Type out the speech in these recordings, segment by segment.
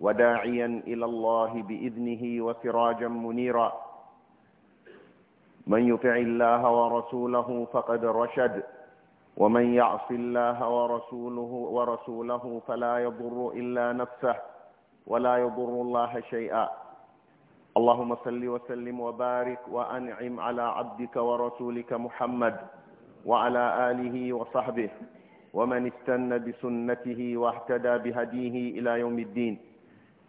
وداعيا إلى الله بإذنه وسراجا منيرا من يطع الله ورسوله فقد رشد ومن يعص الله ورسوله, ورسوله فلا يضر إلا نفسه ولا يضر الله شيئا اللهم صل وسلم وبارك وأنعم على عبدك ورسولك محمد وعلى آله وصحبه ومن استنى بسنته واهتدى بهديه إلى يوم الدين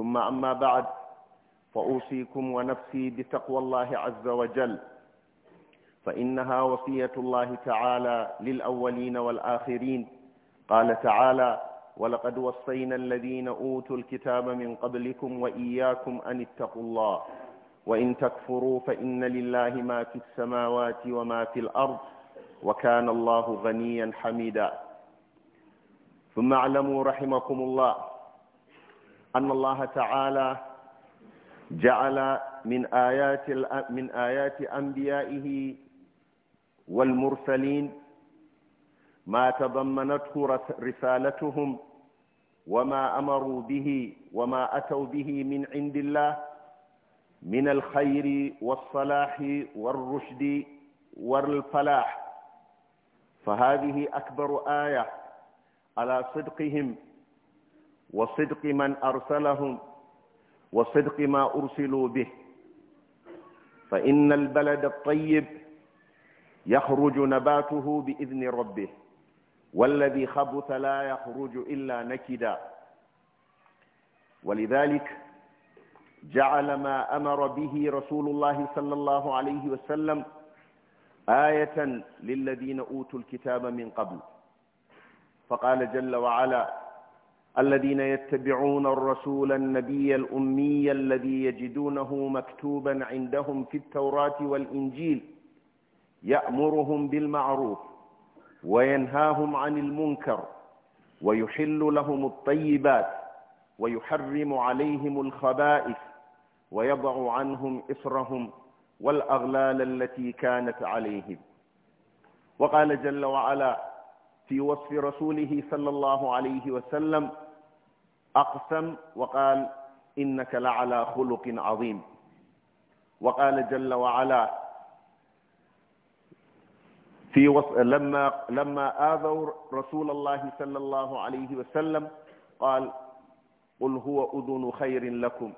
ثم أما بعد فأوصيكم ونفسي بتقوى الله عز وجل فإنها وصية الله تعالى للأولين والآخرين قال تعالى ولقد وصينا الذين أوتوا الكتاب من قبلكم وإياكم أن اتقوا الله وإن تكفروا فإن لله ما في السماوات وما في الأرض وكان الله غنيا حميدا ثم اعلموا رحمكم الله أن الله تعالى جعل من آيات من آيات أنبيائه والمرسلين ما تضمنته رسالتهم وما أمروا به وما أتوا به من عند الله من الخير والصلاح والرشد والفلاح فهذه أكبر آية على صدقهم وصدق من أرسلهم وصدق ما أرسلوا به فإن البلد الطيب يخرج نباته بإذن ربه والذي خبث لا يخرج إلا نكدا ولذلك جعل ما أمر به رسول الله صلى الله عليه وسلم آية للذين أوتوا الكتاب من قبل فقال جل وعلا الذين يتبعون الرسول النبي الأمي الذي يجدونه مكتوبا عندهم في التوراة والإنجيل يأمرهم بالمعروف وينهاهم عن المنكر ويحل لهم الطيبات ويحرم عليهم الخبائث ويضع عنهم إصرهم والأغلال التي كانت عليهم وقال جل وعلا في وصف رسوله صلى الله عليه وسلم أقسم وقال إنك لعلى خلق عظيم وقال جل وعلا في وصف لما لما آذوا رسول الله صلى الله عليه وسلم قال قل هو أذن خير لكم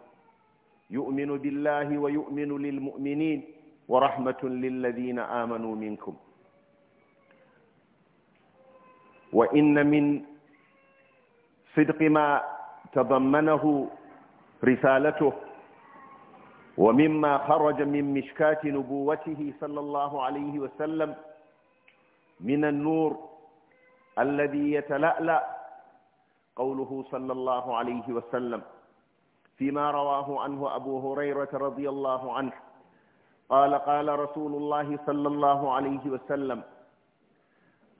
يؤمن بالله ويؤمن للمؤمنين ورحمة للذين آمنوا منكم وإن من صدق ما تضمنه رسالته ومما خرج من مشكاة نبوته صلى الله عليه وسلم من النور الذي يتلألأ قوله صلى الله عليه وسلم فيما رواه عنه أبو هريرة رضي الله عنه قال قال رسول الله صلى الله عليه وسلم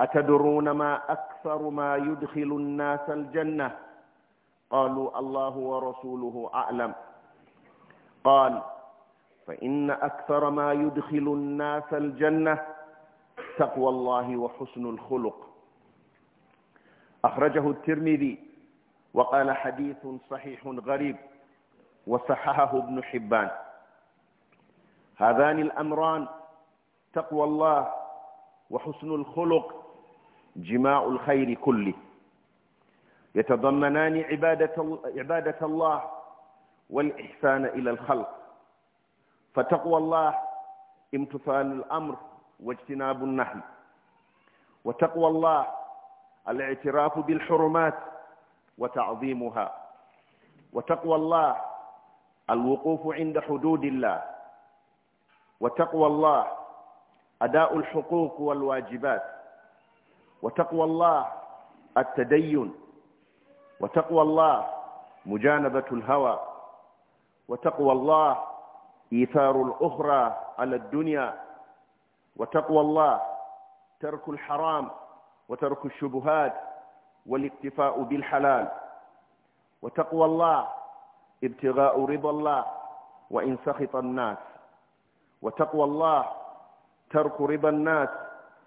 أتدرون ما أكثر ما يدخل الناس الجنة قالوا الله ورسوله أعلم قال فإن أكثر ما يدخل الناس الجنة تقوى الله وحسن الخلق أخرجه الترمذي وقال حديث صحيح غريب وصححه ابن حبان هذان الأمران تقوى الله وحسن الخلق جماع الخير كله يتضمنان عبادة, عبادة الله والإحسان إلى الخلق فتقوى الله امتثال الأمر واجتناب النهي وتقوى الله الاعتراف بالحرمات وتعظيمها وتقوى الله الوقوف عند حدود الله وتقوى الله أداء الحقوق والواجبات وتقوى الله التدين وتقوى الله مجانبة الهوى وتقوى الله إيثار الأخرى على الدنيا وتقوى الله ترك الحرام وترك الشبهات والاكتفاء بالحلال وتقوى الله ابتغاء رضا الله وإن سخط الناس وتقوى الله ترك رضا الناس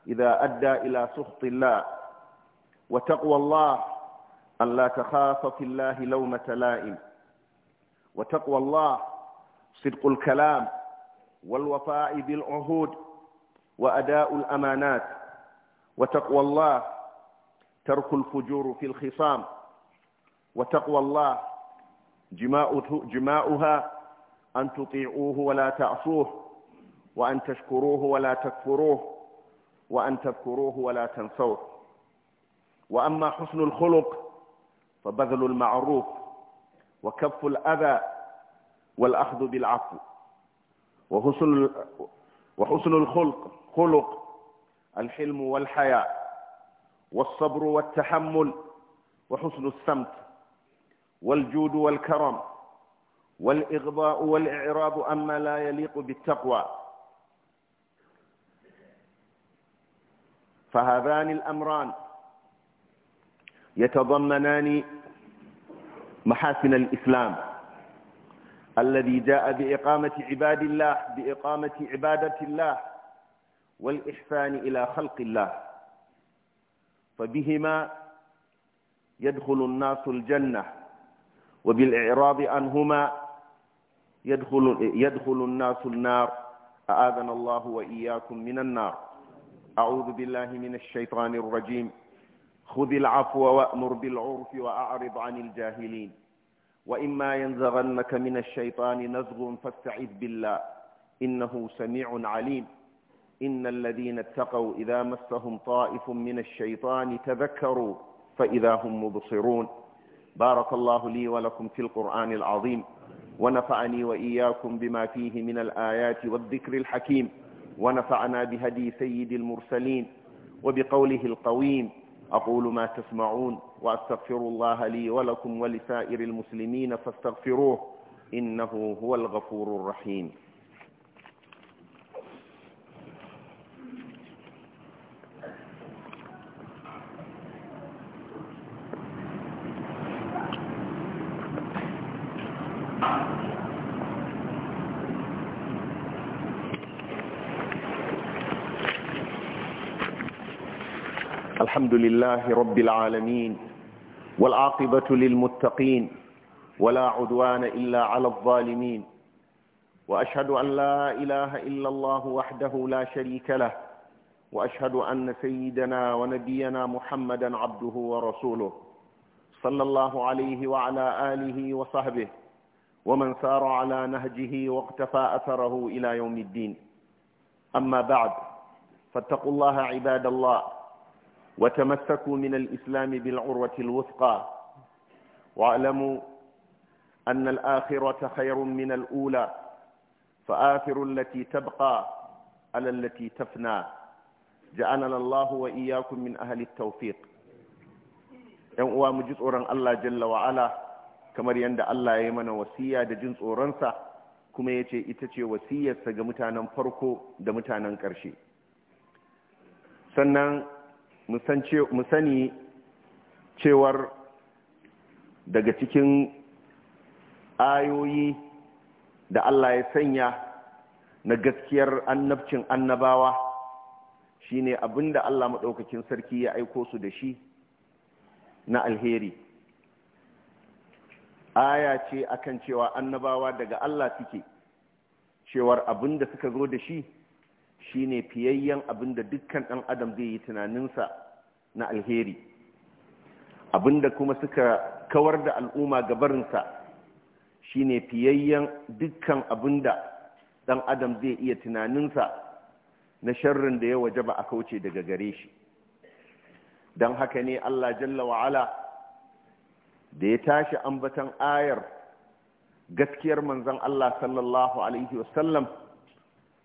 إذا أدى إلى سخط الله وتقوى الله أن لا تخاف في الله لومة لائم وتقوى الله صدق الكلام والوفاء بالعهود وأداء الأمانات وتقوى الله ترك الفجور في الخصام وتقوى الله جماؤها أن تطيعوه ولا تعصوه وأن تشكروه ولا تكفروه وأن تذكروه ولا تنسوه وأما حسن الخلق فبذل المعروف وكف الأذى والأخذ بالعفو وحسن وحسن الخلق خلق الحلم والحياء والصبر والتحمل وحسن السمت والجود والكرم والإغضاء والإعراض أما لا يليق بالتقوى فهذان الأمران يتضمنان محاسن الإسلام الذي جاء بإقامة عباد الله بإقامة عبادة الله والإحسان إلى خلق الله فبهما يدخل الناس الجنة وبالإعراض عنهما يدخل, يدخل الناس النار أعاذنا الله وإياكم من النار أعوذ بالله من الشيطان الرجيم خذ العفو وأمر بالعرف وأعرض عن الجاهلين وإما ينزغنك من الشيطان نزغ فاستعذ بالله إنه سميع عليم إن الذين اتقوا إذا مسهم طائف من الشيطان تذكروا فإذا هم مبصرون بارك الله لي ولكم في القرآن العظيم ونفعني وإياكم بما فيه من الآيات والذكر الحكيم ونفعنا بهدي سيد المرسلين وبقوله القويم أقول ما تسمعون وأستغفر الله لي ولكم ولسائر المسلمين فاستغفروه إنه هو الغفور الرحيم الحمد لله رب العالمين والعاقبة للمتقين ولا عدوان إلا على الظالمين وأشهد أن لا إله إلا الله وحده لا شريك له وأشهد أن سيدنا ونبينا محمدا عبده ورسوله صلى الله عليه وعلى آله وصحبه ومن سار على نهجه واقتفى أثره إلى يوم الدين أما بعد فاتقوا الله عباد الله وتمسكوا من الإسلام بالعروة الوثقى واعلموا أن الآخرة خير من الأولى فآثر التي تبقى على التي تفنى جعلنا الله وإياكم من أهل التوفيق ومجد أوران الله جل وعلا كما يند الله يمن وسيا دجنس أورانسا كما يتي إتتي وسيا سجمتانا فرقو دمتانا كرشي سنن mu sani cewar daga cikin ayoyi da Allah ya sanya na gaskiyar annabcin annabawa shi shine abinda Allah maɗaukakin sarki ya aiko su da shi na alheri aya ce akan cewa annabawa daga Allah suke cewar abinda suka zo da shi Shi ne fiyayyen abin da dukkan ɗan adam zai yi tunaninsa na alheri abin da kuma suka kawar da al'umma gabarinsa ne fiyayyen dukkan abin da ɗan adam zai iya tunaninsa na sharrin da ya waje ba a kauce daga gare shi don haka ne Allah jalla wa'ala da ya tashi ambatan ayar gaskiyar manzan Allah sallallahu Alaihi wasallam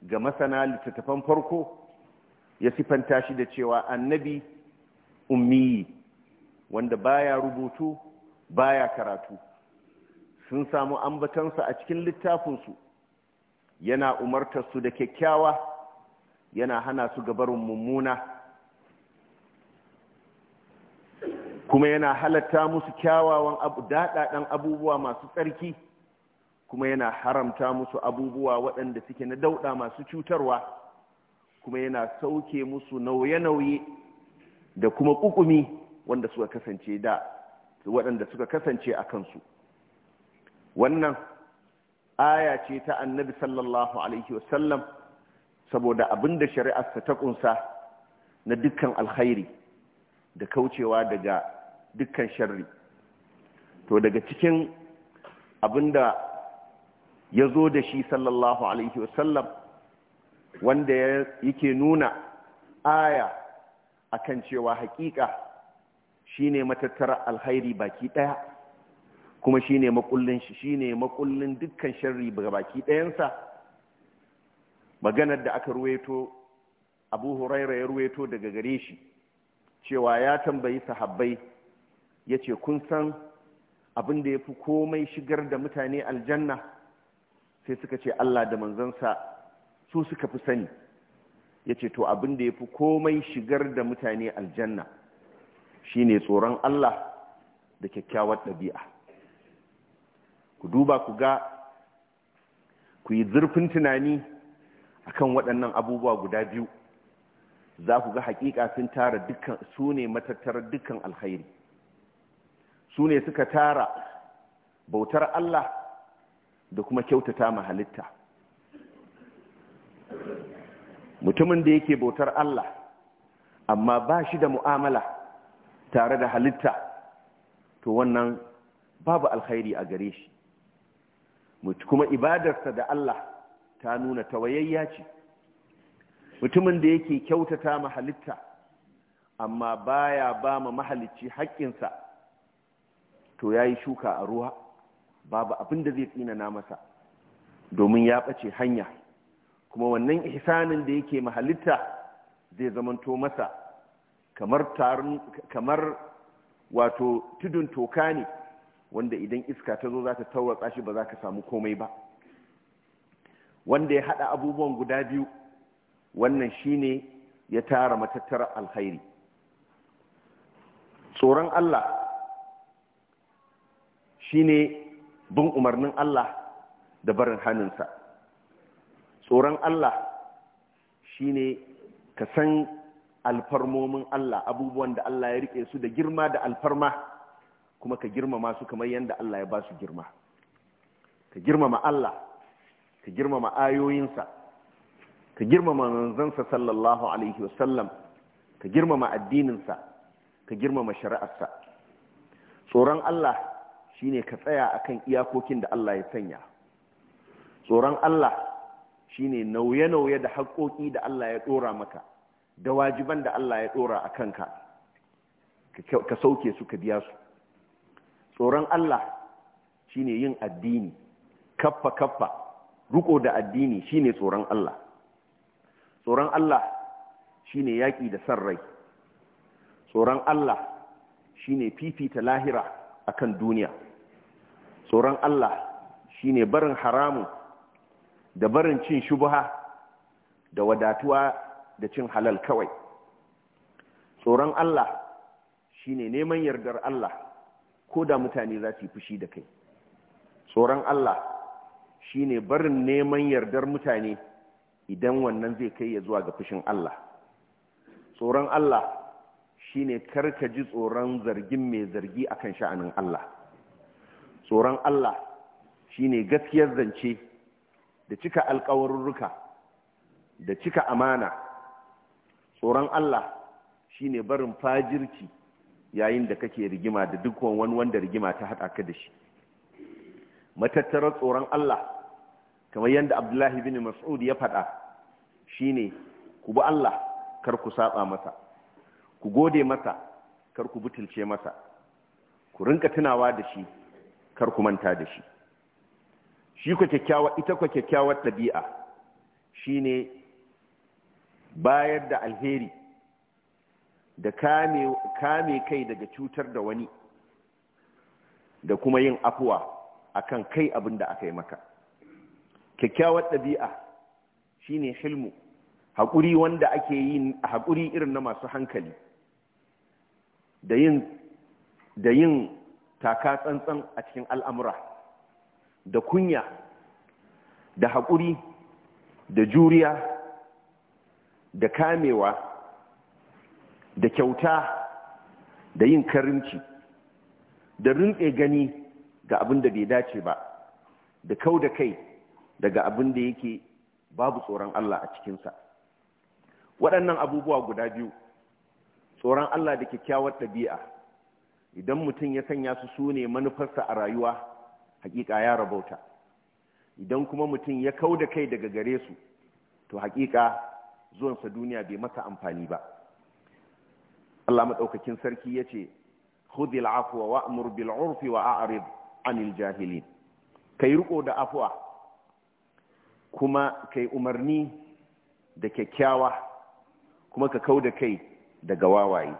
ga masana littattafan farko ya sifanta shi da cewa annabi ummiyi wanda baya rubutu baya karatu sun samu ambatansa a cikin littafinsu yana umartarsu da kyakkyawa yana hana su gabarin mummuna kuma yana halatta musu kyawawan abu daɗaɗen abubuwa masu tsarki kuma yana haramta musu abubuwa waɗanda suke na dauɗa masu cutarwa kuma yana sauke musu nauye-nauye da kuma ƙuƙumi wanda suka kasance da waɗanda suka kasance a kansu wannan aya ce ta annabi sallallahu alaihi wasallam saboda abin da shari'arsa ta ƙunsa na dukkan alkhairi da kaucewa daga dukkan sharri to daga cikin abin da ya zo da shi sallallahu alaihi wasallam wanda yake nuna aya akan cewa haƙiƙa shine matattara alkhairi baki daya kuma shine makullin shi shine makullin dukkan sharri baki dayansa maganar da aka ruwaito Abu Huraira ya ruwaito daga gare shi cewa ya tambayi sahabbai yace kun san abin da yafi komai shigar da mutane aljanna sai suka ce Allah da manzansa su suka fi sani ya ce to abin da ya fi komai shigar da mutane aljanna shine tsoron Allah da kyakkyawar ɗabi'a ku duba ku ga ku yi zurfin tunani akan waɗannan abubuwa guda biyu za ku ga haƙiƙa sun tara dukkan su ne matattar dukkan alkhairi su ne suka tara bautar Allah da kuma kyautata ma halitta mutumin da yake bautar Allah amma ba shi da mu'amala tare da halitta to wannan babu alkhairi a gare shi kuma ibadarsa da Allah ta nuna tawayayya ce mutumin da yake kyautata ma halitta amma baya ba ma mahalicci haƙƙinsa to yayi shuka a ruwa babu abin da zai tsinana masa domin ya ɓace hanya kuma wannan ihsanin da yake mahalitta zai zamanto masa kamar tarin kamar wato tudun toka ne wanda idan iska ta zo za ta taurata shi ba za ka samu komai ba wanda ya haɗa abubuwan guda biyu wannan shine ya tara matattara alkhairi tsoron Allah shine bin umarnin Allah da barin hannunsa tsoron Allah shi ne ka san alfarmomin Allah abubuwan da Allah ya riƙe su da girma da alfarma kuma ka girmama su kamar yadda Allah ya ba su girma ka girmama Allah ka girmama ayoyinsa ka girmama manzansa sallallahu alaihi wasallam ka girmama addininsa ka girmama shari'arsa tsoron Allah shine ka tsaya akan iyakokin da Allah ya sanya tsoron Allah shine nauye-nauye da haƙoƙi da Allah ya ɗora maka da wajiban da Allah ya ɗora a kanka ka sauke su ka biya su tsoron Allah shine yin addini kaffa-kaffa ruko da addini shine tsoron Allah tsoron Allah shine yaƙi da san rai tsoron Allah shine fifita lahira akan duniya tsoron Allah shi ne barin haramun da barin cin shubuha da wadatuwa da cin halal kawai tsoron Allah shi ne neman yardar Allah ko da mutane za su yi fushi da kai tsoron Allah shi ne barin neman yardar mutane idan wannan zai kai ya zuwa ga fushin Allah tsoron Allah shine karka ji tsoron zargin mai zargi akan sha'anin Allah tsoron Allah shi ne gaskiyar zance da cika alkawarurruka da cika amana tsoron Allah shi ne barin fajirci yayin da kake rigima da duk wani wanda rigima ta haɗa ka da shi matattarar tsoron Allah kamar yadda Abdullahi bin Mas'ud ya faɗa ne ku bi Allah kar ku saba masa ku gode masa kar ku butulce masa ku rinka tunawa da shi kar manta da shi shi ku kyakkyawa ita ku kyakkyawar ɗabi'a shine bayar da alheri da kame kai daga cutar da wani da kuma yin afuwa akan kai abin da aka yi maka kyakkyawar ɗabi'a shine hilmu hakuri wanda ake yi haƙuri irin na masu hankali da yin taka tsantsan a cikin al'amura da kunya da haƙuri da juriya da kamewa da kyauta da yin karimci da rintse gani ga abin da bai dace ba da kau da kai daga abin da yake babu tsoron Allah a cikinsa waɗannan abubuwa guda biyu tsoron Allah da kyakkyawar ɗabi'a idan mutum ya sanya su su ne manufarsa a rayuwa hakika ya rabauta idan kuma mutum ya kau da kai daga gare su to hakika zuwansa duniya bai masa amfani ba Allah maɗaukakin sarki ya ce hudu afwa wa bil urfi wa a'rid anil jahilin kai riko da afuwa. kuma kai umarni da kyakkyawa kuma ka kau da kai daga wawaye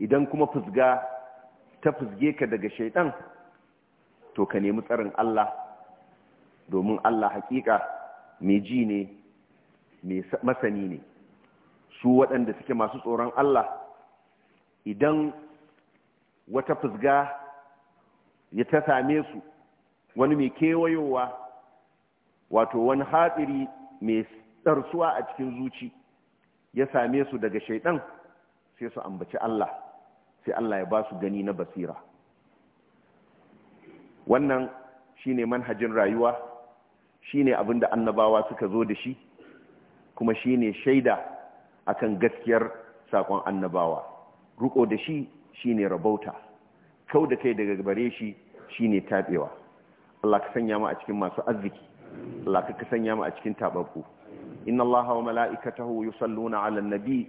idan kuma fusga ta fusge ka daga shaidan to ka nemi tsarin Allah domin Allah hakika mai ji ne mai masani ne su waɗanda suke masu tsoron Allah idan wata fusga ya ta same su wani mai kewayowa wato wani hatsiri mai tsarsuwa a cikin zuci ya same su daga shaidan sai su ambaci Allah sai Allah ya ba su gani na basira wannan shine manhajin rayuwa shine abin da annabawa suka zo da shi kuma shine shaida akan gaskiyar sakon annabawa ruko da shi shine rabauta kau da kai daga gabare shi shine tabewa Allah ka sanya mu a cikin masu arziki Allah ka sanya mu a cikin tababbu inna Allah wa mala'ikatahu yusalluna 'alan nabi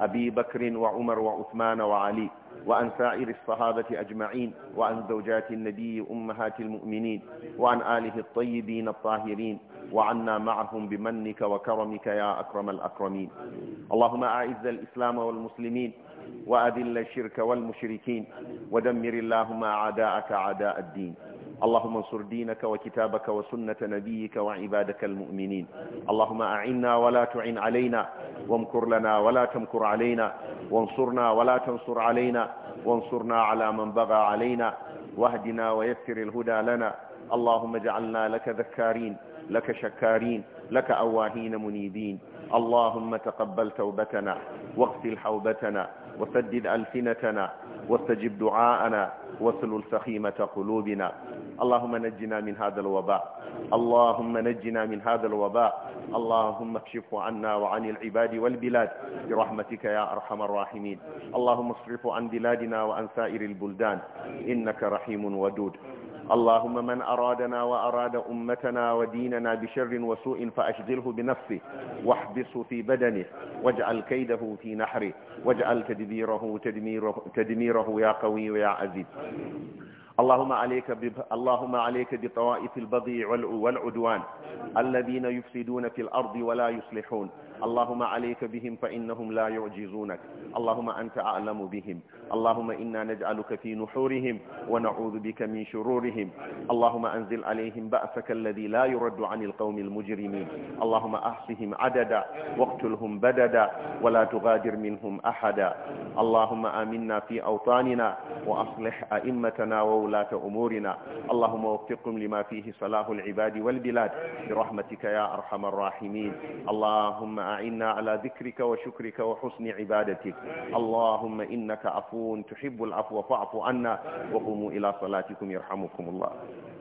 أبي بكر وعمر وعثمان وعلي وعن سائر الصحابة أجمعين وعن زوجات النبي أمهات المؤمنين وعن آله الطيبين الطاهرين وعنا معهم بمنك وكرمك يا أكرم الأكرمين اللهم أعز الإسلام والمسلمين وأذل الشرك والمشركين ودمر اللهم أعداءك أعداء الدين اللهم انصر دينك وكتابك وسنة نبيك وعبادك المؤمنين اللهم أعنا ولا تعن علينا وامكر لنا ولا تمكر علينا وانصرنا ولا تنصر علينا وانصرنا على من بغى علينا واهدنا ويسر الهدى لنا اللهم اجعلنا لك ذكارين لك شكارين لك أواهين منيبين اللهم تقبل توبتنا واغسل حوبتنا وسدد ألسنتنا واستجب دعاءنا واسلل سخيمة قلوبنا اللهم نجنا من هذا الوباء اللهم نجنا من هذا الوباء اللهم اكشفه عنا وعن العباد والبلاد برحمتك يا أرحم الراحمين اللهم اصرف عن بلادنا وعن سائر البلدان إنك رحيم ودود اللهم من أرادنا وأراد أمتنا وديننا بشر وسوء فأشغله بنفسه واحبسه في بدنه واجعل كيده في نحره واجعل تدبيره تدميره, تدميره يا قوي ويا عزيز اللهم عليك ب... اللهم عليك بطوائف البغي والعدوان الذين يفسدون في الأرض ولا يصلحون اللهم عليك بهم فإنهم لا يعجزونك اللهم أنت أعلم بهم اللهم إنا نجعلك في نحورهم ونعوذ بك من شرورهم اللهم أنزل عليهم بأسك الذي لا يرد عن القوم المجرمين اللهم أحصهم عددا واقتلهم بددا ولا تغادر منهم أحدا اللهم آمنا في أوطاننا وأصلح أئمتنا وولاة أمورنا اللهم وفقهم لما فيه صلاح العباد والبلاد برحمتك يا أرحم الراحمين اللهم أعنا على ذكرك وشكرك وحسن عبادتك اللهم إنك عفو تحب العفو فاعف عنا وقوموا إلى صلاتكم يرحمكم الله